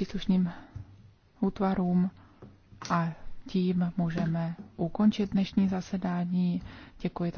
příslušným útvarům a tím můžeme ukončit dnešní zasedání. Děkuji.